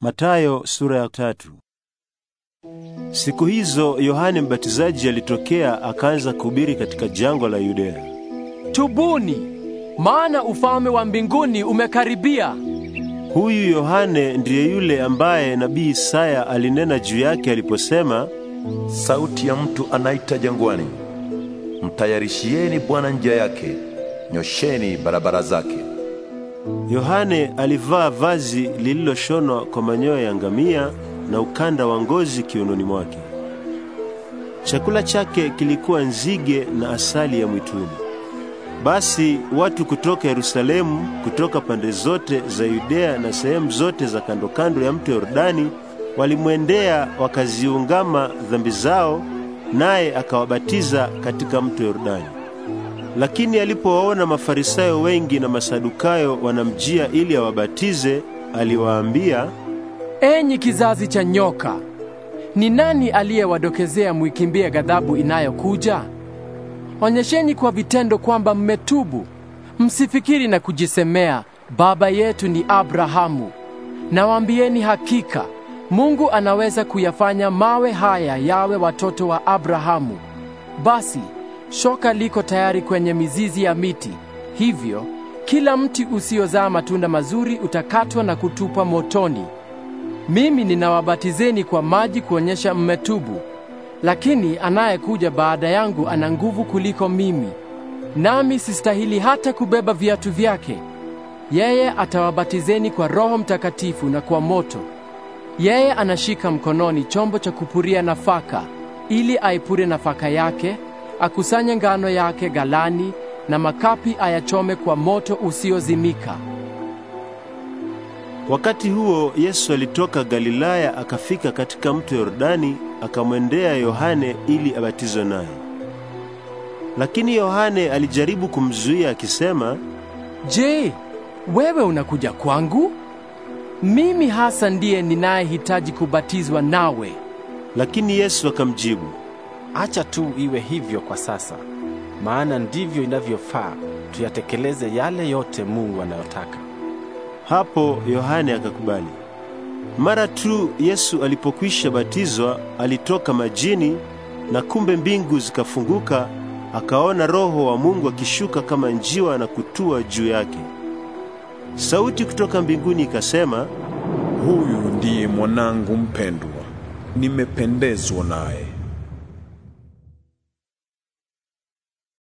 Matayo sura ya tatu. Siku hizo Yohane Mbatizaji alitokea akaanza kuhubiri katika jangwa la Yudea. Tubuni, maana ufalme wa mbinguni umekaribia. Huyu Yohane ndiye yule ambaye nabii Isaya alinena juu yake aliposema, sauti ya mtu anaita jangwani, mtayarishieni Bwana njia yake, nyosheni barabara zake. Yohane alivaa vazi lililoshonwa kwa manyoya ya ngamia na ukanda wa ngozi kiunoni mwake. Chakula chake kilikuwa nzige na asali ya mwituni. Basi watu kutoka Yerusalemu, kutoka pande zote za Yudea na sehemu zote za kando kando ya mto Yordani walimwendea wakaziungama dhambi zao, naye akawabatiza katika mto Yordani. Lakini alipowaona Mafarisayo wengi na Masadukayo wanamjia ili awabatize, aliwaambia, enyi kizazi cha nyoka, ni nani aliyewadokezea mwikimbie ghadhabu inayokuja? Onyesheni kwa vitendo kwamba mmetubu. Msifikiri na kujisemea, baba yetu ni Abrahamu. Nawaambieni hakika Mungu anaweza kuyafanya mawe haya yawe watoto wa Abrahamu. Basi shoka liko tayari kwenye mizizi ya miti, hivyo kila mti usiozaa matunda mazuri utakatwa na kutupwa motoni. Mimi ninawabatizeni kwa maji kuonyesha mmetubu, lakini anayekuja baada yangu ana nguvu kuliko mimi, nami sistahili hata kubeba viatu vyake. Yeye atawabatizeni kwa Roho Mtakatifu na kwa moto. Yeye anashika mkononi chombo cha kupuria nafaka, ili aipure nafaka yake akusanye ngano yake galani na makapi ayachome kwa moto usiozimika. Wakati huo Yesu alitoka Galilaya akafika katika mto Yordani akamwendea Yohane ili abatizwe naye. Lakini Yohane alijaribu kumzuia akisema, "Je, wewe unakuja kwangu? Mimi hasa ndiye ninayehitaji kubatizwa nawe." Lakini Yesu akamjibu, Acha tu iwe hivyo kwa sasa, maana ndivyo inavyofaa tuyatekeleze yale yote Mungu anayotaka. Hapo Yohane akakubali. Mara tu Yesu alipokwisha batizwa, alitoka majini na kumbe mbingu zikafunguka, akaona Roho wa Mungu akishuka kama njiwa na kutua juu yake. Sauti kutoka mbinguni ikasema, Huyu ndiye mwanangu mpendwa, nimependezwa naye.